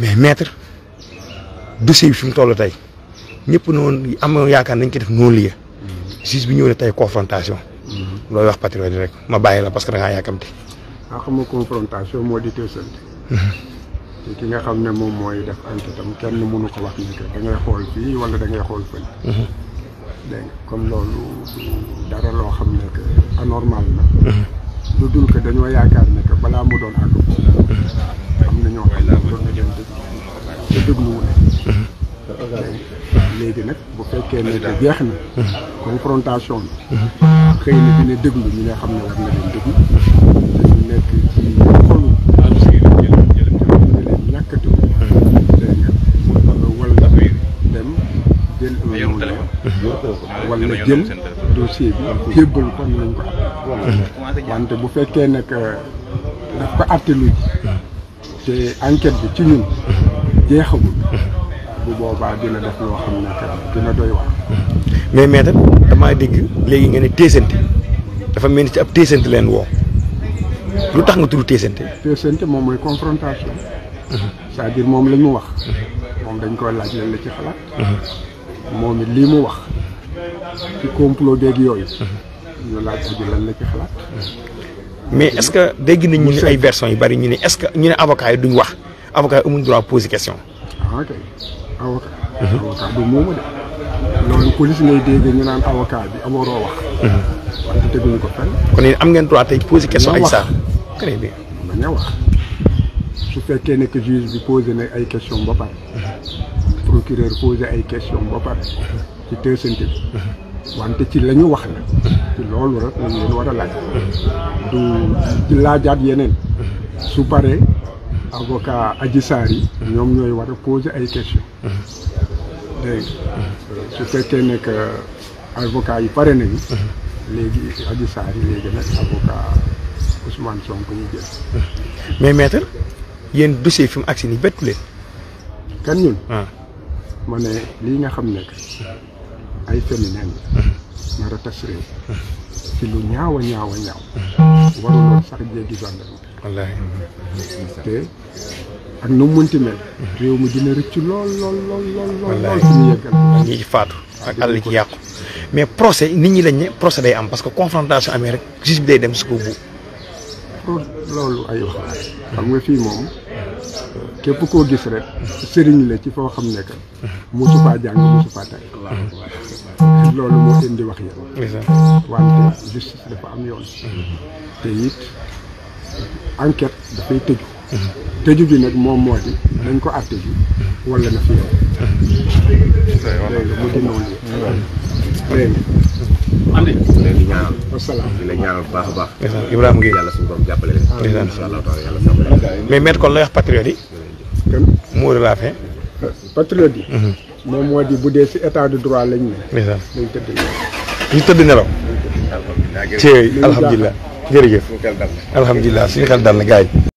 mais maître dossier bi fi mu toll tey ñëpp noonu am yaakaar nañ ko def non lieu juge bi ñëw ne tey confrontation mhm. looy wax patriote rek ma bàyyi la parce que da ngaa yàkkamti waaw ah, xam nga confrontation moo di teesante mhm. ki nga xam ne moom mooy def enquête am kenn mënu ko wax ni que da ngay xool fii wala da xool fële mhm. dégg nga kon loolu dara loo xam ne que anormal na lu dul que dañoo yaakaar ne balaa mu doon àgg am na ñoo xam ne doon léegi nag bu fekkee ne que jeex na confrontation bi xëy na dina déglu ñi nga xam ne war na leen nekk ci ne leen ñàkkatu dégg nga wala dem jël dossier bi jébbal ko nañ ko am wante bu fekkee nag daf ko atte lu te enquête bi ci ñun jeexagul bu boobaa dina def loo xam ne dina doy wax mais maître damaa dégg léegi nga ne téesante dafa mel ni ci ab téesante leen woo lu tax nga tudd téesante téesante moom mooy confrontation c'est-à-dire moom la ñu wax moom dañ koy laaj leen la ci xalaat moom it lii mu wax ci complot déeg yooyu. Mhm. ñu laaj aji lan la ci xalaat. Mhm. mais est-ce que dégg nañ ñu ay versions yu bari ñu ne est-ce que ñu ne avocat yi duñ wax avocat yi amuñ droit poser question. ah mhm. naan avocat bi amooroo wax. wante am ngeen droit tey poser question. ay saa très bien. mën nañoo wax su fekkee ne que ay question ba pare. ay question ba wante ci la ñu wax la ci loolu rek lañ leen war a laaj du laajaat yeneen su paree avocat Adji yi ñoom ñooy war a poser ay questions dégg su fekkee ne avocat yi pare nañu léegi Adji yi léegi nag avocat Ousmane Sonko ñu jël mais maître yéen dossier fi mu agsi nii bettu leen kan ñun ah. ma ne lii nga xam nekk ay féminin la nar a tas ci lu ñaaw a ñaaw a ñaaw waruloon sax jéggi gendarme wallaahi te ak nu mu mënti mel réew mi dina rëcc lool lool lool lool lool lool suñu yëggal ñi faatu ak àll ci yàqu mais procès nit ñi lañ ne procès day am parce que confrontation amee rek justice bi day dem suko bu loolu ay wax xam nga fii moom képp koo gis rek sëriñ la ci foo xam ne que mosu faa jàng mosu faa tay loolu moo indi wax yéen wante justice dafa am yoon te it enquête dafay tëju tëju gi nag moom moo di dañ ko àtte ji na fi yoon loolu mu di noonu léegi andi leen di ñaanal wasalaam di la baax a baax Ibrahima Gueye yàlla mais maître kon lay wax patriote yi mot de la fin moom moo di bu dee si état de droit lañ ne. incha allah dañ tëdd nelaw. ñu tëdd nelaw. alhamdulilah jërëjëf alhamdulilah suñu xel dal na gars yi.